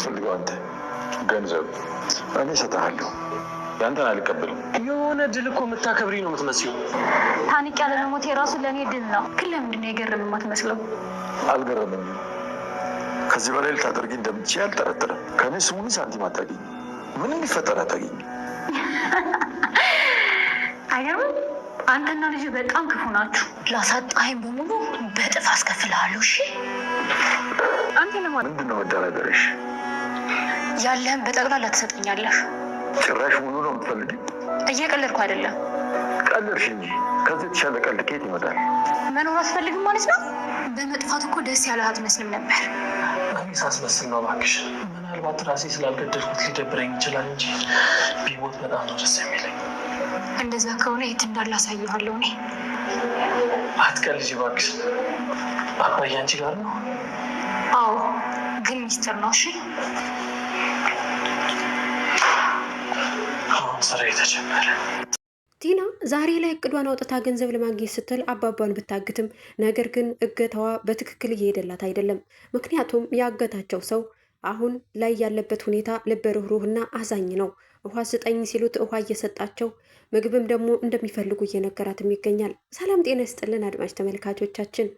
የምትፈልገው አንተ ገንዘብ እኔ እሰጥሃለሁ። ያንተን አልቀበልም። የሆነ ድል እኮ የምታከብሪ ነው የምትመስለው። ታንቅ ያለ መሞት የራሱ ለእኔ ድል ነው። ግን ለምንድን ነው የገረመ የማትመስለው? አልገረምም ከዚህ በላይ ልታደርጊ እንደምትችል አልጠረጠረም። ከእኔ ስሙን ሳንቲም አታገኝ፣ ምንም ሊፈጠር አታገኝ። አይገርም? አንተና ልጅ በጣም ክፉ ናችሁ። ላሳጣኸኝ በሙሉ በጥፍ አስከፍልሃለሁ። እሺ አንተ ለማ ምንድን መደራደርሽ? ያለህን በጠቅላላ ትሰጠኛለህ። ጭራሽ ሙሉ ነው የምትፈልጊ? እየቀለድኩ አይደለም። ቀልድሽ እንጂ ከዚህ የተሻለ ቀልድ ከየት ይመጣል? መኖር አትፈልግም ማለት ነው። በመጥፋት እኮ ደስ ያለህ አትመስልም ነበር። እኔ ሳስመስል ነው እባክሽ። ምናልባት ራሴ ስላልገደልኩት ሊደብረኝ ይችላል እንጂ ቢሞት በጣም ነው ደስ የሚለኝ። እንደዛ ከሆነ የት እንዳላሳየኋለሁ እኔ። አትቀልጂ እባክሽ። አባዬ አንቺ ጋር ነው? አዎ፣ ግን ሚስጥር ነው። እሺ አሁን ስራ የተጀመረ ቲና ዛሬ ላይ እቅዷን አውጥታ ገንዘብ ለማግኘት ስትል አባቧን ብታግትም ነገር ግን እገታዋ በትክክል እየሄደላት አይደለም። ምክንያቱም ያገታቸው ሰው አሁን ላይ ያለበት ሁኔታ ልበ አዛኝ ነው። ውሃ ስጠኝ ሲሉት ውሃ እየሰጣቸው ምግብም ደግሞ እንደሚፈልጉ እየነገራትም ይገኛል። ሰላም ጤና ይስጥልን አድማጭ ተመልካቾቻችን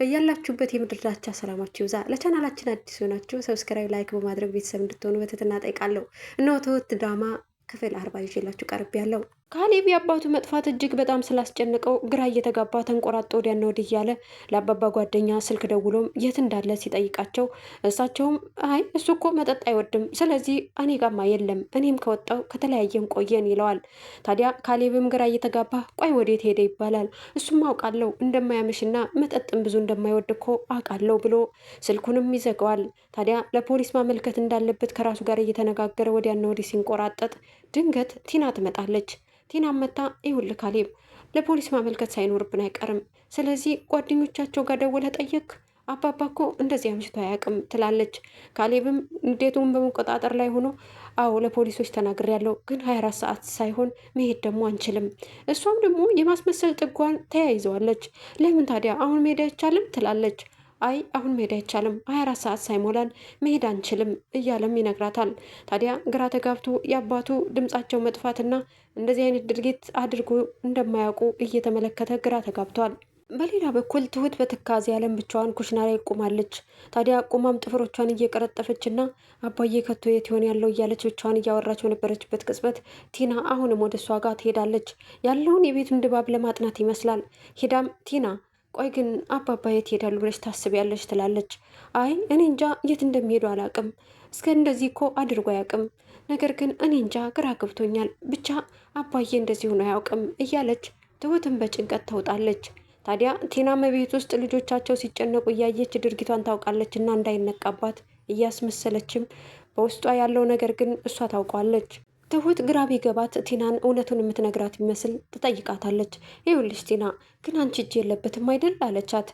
በያላችሁበት የምድር ዳርቻ ሰላማችሁ ይብዛ። ለቻናላችን አዲስ ሆናችሁ ሰብስክራይብ፣ ላይክ በማድረግ ቤተሰብ እንድትሆኑ በትህትና ጠይቃለሁ። እነሆ ትሁት ድራማ ክፍል አርባ ይዤላችሁ ቀርብ ያለው ካሌብ የአባቱ መጥፋት እጅግ በጣም ስላስጨንቀው ግራ እየተጋባ ተንቆራጦ ወዲያና ወዲህ እያለ ለአባባ ጓደኛ ስልክ ደውሎም የት እንዳለ ሲጠይቃቸው እሳቸውም አይ እሱ እኮ መጠጥ አይወድም፣ ስለዚህ እኔ ጋማ የለም፣ እኔም ከወጣው ከተለያየም ቆየን ይለዋል። ታዲያ ካሌብም ግራ እየተጋባ ቆይ ወዴት ሄደ ይባላል። እሱም አውቃለሁ እንደማያምሽና መጠጥም ብዙ እንደማይወድ እኮ አውቃለሁ ብሎ ስልኩንም ይዘገዋል። ታዲያ ለፖሊስ ማመልከት እንዳለበት ከራሱ ጋር እየተነጋገረ ወዲያና ወዲህ ሲንቆራጠጥ ድንገት ቲና ትመጣለች። ቲና መታ ይውል ካሌብ ለፖሊስ ማመልከት ሳይኖርብን አይቀርም። ስለዚህ ጓደኞቻቸው ጋር ደውለህ ጠየቅ አባባ እኮ እንደዚህ አምሽቶ አያውቅም ትላለች። ካሌብም እንዴቱን በመቆጣጠር ላይ ሆኖ አዎ ለፖሊሶች ያለው ግን አራት ሰዓት ሳይሆን መሄድ ደግሞ አንችልም። እሷም ደግሞ የማስመሰል ጥጓን ተያይዘዋለች። ለምን ታዲያ አሁን መሄድ አይቻልም ትላለች። አይ አሁን መሄድ አይቻልም፣ 24 ሰዓት ሳይሞላን መሄድ አንችልም እያለም ይነግራታል። ታዲያ ግራ ተጋብቶ የአባቱ ድምፃቸው መጥፋትና እንደዚህ አይነት ድርጊት አድርጎ እንደማያውቁ እየተመለከተ ግራ ተጋብቷል። በሌላ በኩል ትሁት በትካዜ ያለም ብቻዋን ኩሽና ላይ ቆማለች። ታዲያ ቁማም ጥፍሮቿን እየቀረጠፈችና አባዬ ከቶ የት ይሆን ያለው እያለች ብቻዋን እያወራች በነበረችበት ቅጽበት ቲና አሁንም ወደ እሷ ጋር ትሄዳለች። ያለውን የቤቱን ድባብ ለማጥናት ይመስላል። ሄዳም ቲና ቆይ ግን አባባ የት ሄዳሉ ብለሽ ታስቢያለሽ? ትላለች። አይ እኔ እንጃ የት እንደሚሄዱ አላቅም። እስከ እንደዚህ እኮ አድርጎ አያቅም። ነገር ግን እኔ እንጃ ግራ ገብቶኛል። ብቻ አባዬ እንደዚህ ሆኖ አያውቅም እያለች ትሁትን በጭንቀት ተውጣለች። ታዲያ ቲናም ቤት ውስጥ ልጆቻቸው ሲጨነቁ እያየች ድርጊቷን ታውቃለች እና እንዳይነቃባት እያስመሰለችም በውስጧ ያለው ነገር ግን እሷ ታውቋለች። ትሁት ግራ ቢገባት ቲናን እውነቱን የምትነግራት ቢመስል ትጠይቃታለች። ይኸውልሽ ቲና ግን አንቺ እጅ የለበትም አይደል አለቻት።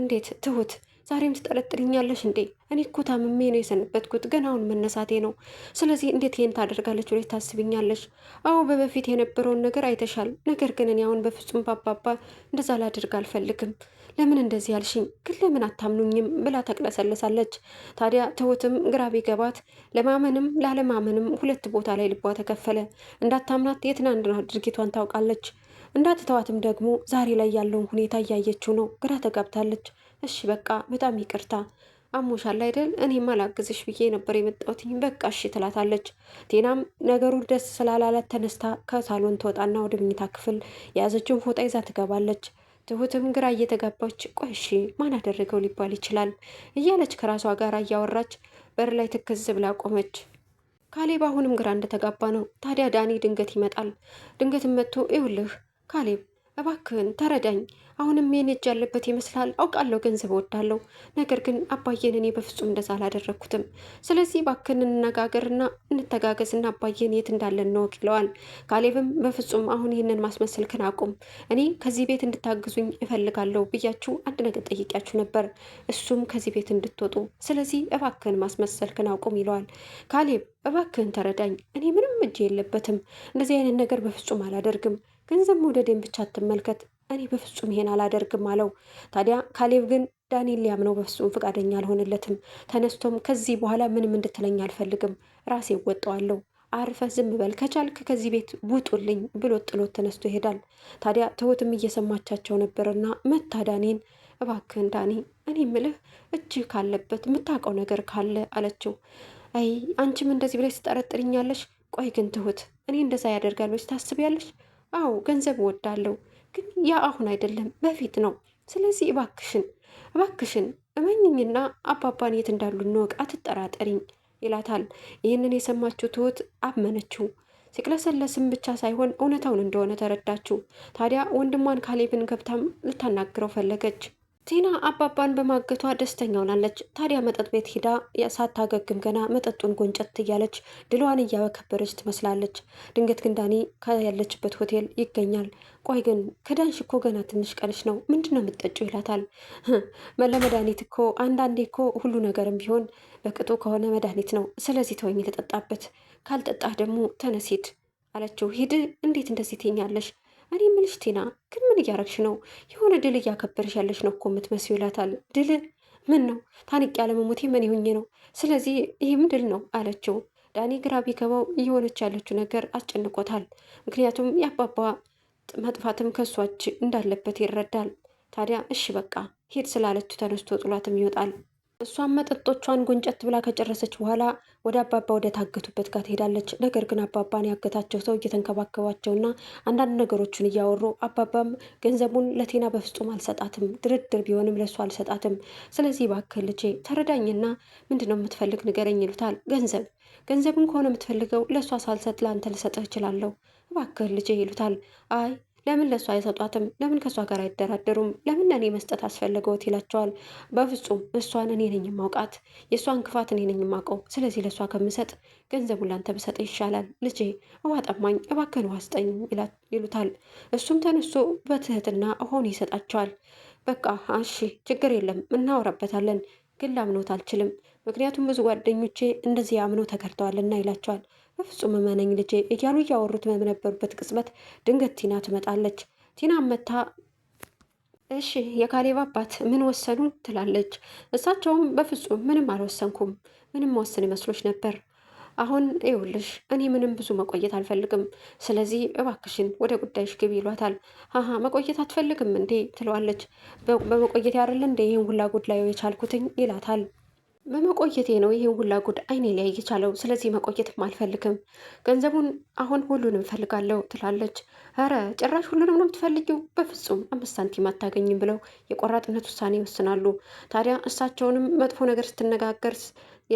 እንዴት ትሁት ዛሬም ትጠለጥልኛለሽ እንዴ? እኔ እኮ ታምሜ ነው የሰነበትኩት፣ ግን አሁን መነሳቴ ነው። ስለዚህ እንዴት ይህን ታደርጋለች ወደ ታስብኛለሽ? አዎ በበፊት የነበረውን ነገር አይተሻል። ነገር ግን እኔ አሁን በፍጹም ባባባ እንደዛ ላደርግ አልፈልግም። ለምን እንደዚህ ያልሽኝ ግን ለምን አታምኑኝም? ብላ ተቅለሰለሳለች። ታዲያ ትሁትም ግራ ቢገባት ለማመንም ላለማመንም ሁለት ቦታ ላይ ልቧ ተከፈለ። እንዳታምናት የትናንትና ድርጊቷን ታውቃለች፣ እንዳትተዋትም ደግሞ ዛሬ ላይ ያለውን ሁኔታ እያየችው ነው። ግራ ተጋብታለች። እሺ በቃ በጣም ይቅርታ አሞሻል አይደል? እኔም አላግዝሽ ብዬ ነበር የመጣሁትኝ። በቃ እሺ ትላታለች። ቴናም ነገሩ ደስ ስላላላት ተነስታ ከሳሎን ትወጣና ወደ ምኝታ ክፍል የያዘችውን ፎጣ ይዛ ትገባለች። ትሁትም ግራ እየተጋባች ቆሺ እሺ ማን አደረገው ሊባል ይችላል እያለች ከራሷ ጋር እያወራች በር ላይ ትክዝ ብላ ቆመች። ካሌብ አሁንም ግራ እንደተጋባ ነው። ታዲያ ዳኒ ድንገት ይመጣል። ድንገትም መጥቶ ይውልህ ካሌብ እባክህን ተረዳኝ። አሁንም ይህን እጅ ያለበት ይመስላል። አውቃለሁ ገንዘብ እወዳለሁ፣ ነገር ግን አባዬን እኔ በፍጹም እንደዛ አላደረግኩትም። ስለዚህ እባክህን እንነጋገርና እንተጋገዝና አባዬን የት እንዳለ እንወቅ ይለዋል። ካሌብም በፍጹም አሁን ይህንን ማስመሰልክን አቁም፣ እኔ ከዚህ ቤት እንድታግዙኝ እፈልጋለሁ ብያችሁ አንድ ነገር ጠይቂያችሁ ነበር፣ እሱም ከዚህ ቤት እንድትወጡ። ስለዚህ እባክህን ማስመሰልክን አቁም ይለዋል። ካሌብ እባክህን ተረዳኝ፣ እኔ ምንም እጅ የለበትም። እንደዚህ አይነት ነገር በፍጹም አላደርግም ገንዘብ መውደዴን ብቻ አትመልከት፣ እኔ በፍጹም ይሄን አላደርግም አለው። ታዲያ ካሌብ ግን ዳንኤል ሊያምነው በፍጹም ፈቃደኛ አልሆነለትም። ተነስቶም ከዚህ በኋላ ምንም እንድትለኝ አልፈልግም፣ ራሴ እወጣዋለሁ አርፈ ዝም በል ከቻልክ ከዚህ ቤት ውጡልኝ ብሎ ጥሎት ተነስቶ ይሄዳል። ታዲያ ትሁትም እየሰማቻቸው ነበርና መታ ዳኔን እባክህን ዳኔ እኔ ምልህ እጅህ ካለበት የምታውቀው ነገር ካለ አለችው። አይ አንቺም እንደዚህ ብለሽ ትጠረጥርኛለሽ? ቆይ ግን ትሁት እኔ እንደዛ ያደርጋል ብለሽ ታስቢያለሽ? አዎ ገንዘብ እወዳለሁ፣ ግን ያ አሁን አይደለም በፊት ነው። ስለዚህ እባክሽን እባክሽን እመኝኝና አባባን የት እንዳሉ እንወቅ፣ አትጠራጠሪኝ ይላታል። ይህንን የሰማችው ትሁት አመነችው። ሲቅለሰለስም ብቻ ሳይሆን እውነታውን እንደሆነ ተረዳችው። ታዲያ ወንድሟን ካሌብን ገብታም ልታናግረው ፈለገች። ቲና አባባን በማገቷ ደስተኛ ሆናለች። ታዲያ መጠጥ ቤት ሂዳ ሳታገግም ገና መጠጡን ጎንጨት እያለች ድሏን እያከበረች ትመስላለች። ድንገት ግን ዳኒ ሆቴል ይገኛል። ቆይ ግን ከዳንሽ እኮ ገና ትንሽ ቀንሽ ነው፣ ምንድን ነው የምትጠጪው ይላታል። ለመድኃኒት እኮ አንዳንዴ እኮ ሁሉ ነገርም ቢሆን በቅጡ ከሆነ መድኃኒት ነው። ስለዚህ ተወኝ፣ የተጠጣበት ካልጠጣህ ደግሞ ተነስ ሂድ አለችው። ሂድ እንዴት እንደዚህ ትኛለሽ? እኔ ምልሽ ቲና ግን ምን እያረግሽ ነው? የሆነ ድል እያከበርሽ ያለሽ ነው እኮ የምትመስው ይላታል። ድል ምን ነው ታንቅ ያለመሞቴ ምን ይሁኝ ነው? ስለዚህ ይህም ድል ነው አለችው። ዳኒ ግራ ቢገባው እየሆነች ያለችው ነገር አስጨንቆታል። ምክንያቱም የአባባ መጥፋትም ከሷች እንዳለበት ይረዳል። ታዲያ እሺ በቃ ሄድ ስላለችው ተነስቶ ጥሏትም ይወጣል። እሷም መጠጦቿን ጎንጨት ብላ ከጨረሰች በኋላ ወደ አባባ ወደ ታገቱበት ጋር ትሄዳለች። ነገር ግን አባባን ያገታቸው ሰው እየተንከባከባቸውና አንዳንድ ነገሮችን እያወሩ አባባም ገንዘቡን ለቴና በፍጹም አልሰጣትም፣ ድርድር ቢሆንም ለእሱ አልሰጣትም። ስለዚህ እባክህ ልጄ ተረዳኝና ምንድን ነው የምትፈልግ ንገረኝ ይሉታል። ገንዘብ ገንዘብን ከሆነ የምትፈልገው ለእሷ ሳልሰጥ ለአንተ ልሰጥህ እችላለሁ፣ እባክህ ልጄ ይሉታል። አይ ለምን ለእሷ አይሰጧትም? ለምን ከእሷ ጋር አይደራደሩም? ለምን እኔ መስጠት አስፈለገውት ይላቸዋል። በፍጹም እሷን እኔ ነኝ የማውቃት፣ የእሷን ክፋት እኔ ነኝ የማውቀው። ስለዚህ ለእሷ ከምሰጥ ገንዘቡን ላንተ ብሰጥ ይሻላል። ልጄ ውሃ ጠማኝ፣ እባክህን ውሃ ስጠኝ ይሉታል። እሱም ተነስቶ በትህትና ውሃውን ይሰጣቸዋል። በቃ እሺ ችግር የለም እናወራበታለን ግን ላምኖት አልችልም። ምክንያቱም ብዙ ጓደኞቼ እንደዚህ አምነው ተከድተዋልና ይላቸዋል። በፍጹም እመነኝ ልጄ እያሉ እያወሩት በነበሩበት ቅጽበት ድንገት ቲና ትመጣለች። ቲና መታ እሺ የካሌብ አባት ምን ወሰኑ ትላለች። እሳቸውም በፍጹም ምንም አልወሰንኩም፣ ምንም ወስን ይመስሎች ነበር አሁን ይኸውልሽ እኔ ምንም ብዙ መቆየት አልፈልግም፣ ስለዚህ እባክሽን ወደ ጉዳይሽ ግቢ ይሏታል። ሀሀ መቆየት አትፈልግም እንዴ ትለዋለች። በመቆየት ያደለ እንደ ይህን ሁላ ጉድ ላይ የቻልኩትኝ ይላታል። በመቆየቴ ነው ይህን ሁላ ጉድ አይኔ ላይ የቻለው፣ ስለዚህ መቆየትም አልፈልግም። ገንዘቡን አሁን ሁሉንም ፈልጋለሁ ትላለች። ኧረ ጭራሽ ሁሉንም ነው የምትፈልጊው? በፍጹም አምስት ሳንቲም አታገኝም ብለው የቆራጥነት ውሳኔ ይወስናሉ። ታዲያ እሳቸውንም መጥፎ ነገር ስትነጋገር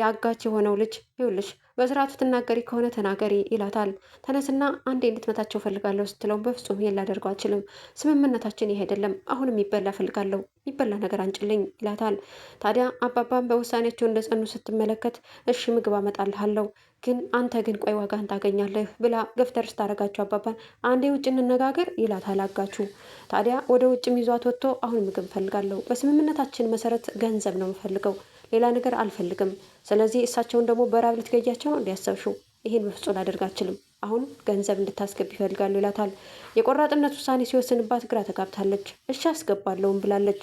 ያጋች የሆነው ልጅ ይኸውልሽ በስርዓቱ ትናገሪ ከሆነ ተናገሪ ይላታል። ተነስና አንዴ እንድትመታቸው ፈልጋለሁ ስትለውም በፍጹም ይሄን ላደርገው አልችልም፣ ስምምነታችን ይሄ አይደለም፣ አሁን የሚበላ ፈልጋለሁ፣ የሚበላ ነገር አንጭልኝ ይላታል። ታዲያ አባባም በውሳኔያቸው እንደጸኑ ስትመለከት እሺ ምግብ አመጣልሃለሁ ግን አንተ ግን ቆይ ዋጋህን ታገኛለህ ብላ ገፍተር ስታደርጋችሁ አባባን አንዴ ውጭ እንነጋገር ይላት አላጋችሁ። ታዲያ ወደ ውጭም ይዟት ወጥቶ አሁን ምግብ እፈልጋለሁ፣ በስምምነታችን መሰረት ገንዘብ ነው የምፈልገው ሌላ ነገር አልፈልግም። ስለዚህ እሳቸውን ደግሞ በራብ ልትገያቸው ነው እንዲያሰብሹ ይህን በፍጹም ላደርግ አልችልም። አሁን ገንዘብ እንድታስገብ ይፈልጋሉ ይላታል። የቆራጥነት ውሳኔ ሲወስንባት ግራ ተጋብታለች። እሺ አስገባለሁም ብላለች።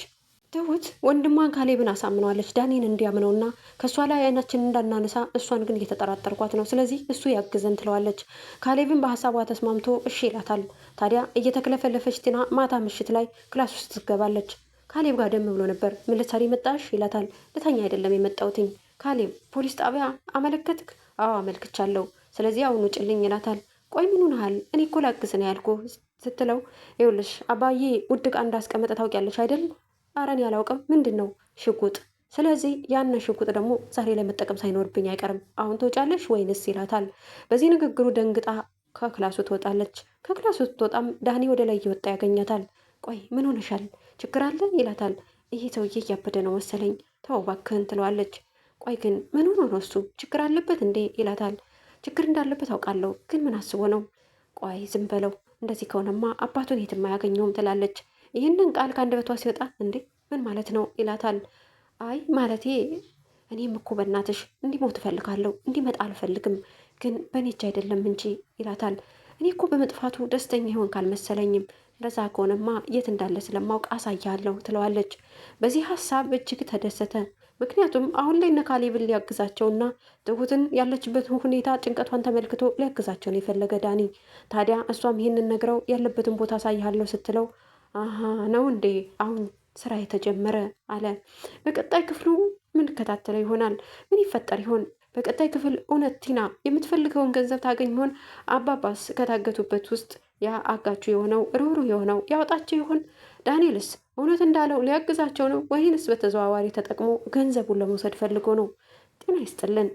ትሁት ወንድሟን ካሌብን አሳምነዋለች ዳኒን እንዲያምነውና ከእሷ ላይ አይናችንን እንዳናነሳ እሷን ግን እየተጠራጠርኳት ነው። ስለዚህ እሱ ያግዘን ትለዋለች። ካሌብን በሀሳቧ ተስማምቶ እሺ ይላታል። ታዲያ እየተክለፈለፈች ቲና ማታ ምሽት ላይ ክላስ ውስጥ ትገባለች። ካሌብ ጋር ደም ብሎ ነበር። ምን ልትሰሪ መጣሽ ይላታል። ልተኛ አይደለም የመጣውትኝ ካሌብ ፖሊስ ጣቢያ አመለከትክ? አዎ አመልክቻለሁ። ስለዚህ አሁን ውጭልኝ ይላታል። ቆይ ምን ሆነሃል? እኔ እኮ ላግዝ ነው ያልኩ ስትለው ይኸውልሽ አባዬ ውድቅ እንዳስቀመጠ ታውቂያለሽ አይደል? ኧረ እኔ አላውቅም። ምንድን ነው? ሽጉጥ። ስለዚህ ያን ሽጉጥ ደግሞ ዛሬ ላይ መጠቀም ሳይኖርብኝ አይቀርም። አሁን ትወጫለሽ ወይንስ ይላታል። በዚህ ንግግሩ ደንግጣ ከክላሱ ትወጣለች። ከክላሱ ስትወጣም ዳኒ ወደ ላይ እየወጣ ያገኛታል። ቆይ ምን ሆነሻል? ችግር አለ ይላታል። ይሄ ሰውዬ እያበደ ነው መሰለኝ ተው እባክህን ትለዋለች። ቆይ ግን ምን ሆኖ ነው እሱ ችግር አለበት እንዴ ይላታል። ችግር እንዳለበት አውቃለሁ ግን ምን አስቦ ነው? ቆይ ዝም በለው እንደዚህ ከሆነማ አባቱን የትም አያገኘውም ትላለች። ይህንን ቃል ከአንደበቷ ሲወጣ እንዴ ምን ማለት ነው ይላታል። አይ ማለቴ እኔም እኮ በእናትሽ እንዲሞት እፈልጋለሁ እንዲመጣ አልፈልግም፣ ግን በእኔ እጅ አይደለም እንጂ ይላታል። እኔ እኮ በመጥፋቱ ደስተኛ ይሆን ካልመሰለኝም እንደዛ ከሆነማ የት እንዳለ ስለማውቅ አሳያለሁ ትለዋለች። በዚህ ሀሳብ እጅግ ተደሰተ። ምክንያቱም አሁን ላይ ሊያግዛቸው እና ትሁትን ያለችበትን ሁኔታ ጭንቀቷን ተመልክቶ ሊያግዛቸውን የፈለገ ዳኒ ታዲያ እሷም ይህንን ነግረው ያለበትን ቦታ አሳያለሁ ስትለው አሀ ነው እንዴ አሁን ስራ የተጀመረ አለ። በቀጣይ ክፍሉ ምንከታተለው ይሆናል። ምን ይፈጠር ይሆን? በቀጣይ ክፍል እውነት ቲና የምትፈልገውን ገንዘብ ታገኝ ይሆን? አባባስ ከታገቱበት ውስጥ ያ አጋቹ የሆነው ሩሩ የሆነው ያወጣቸው ይሆን? ዳንኤልስ እውነት እንዳለው ሊያግዛቸው ነው ወይንስ በተዘዋዋሪ ተጠቅሞ ገንዘቡን ለመውሰድ ፈልጎ ነው? ጤና ይስጥልን።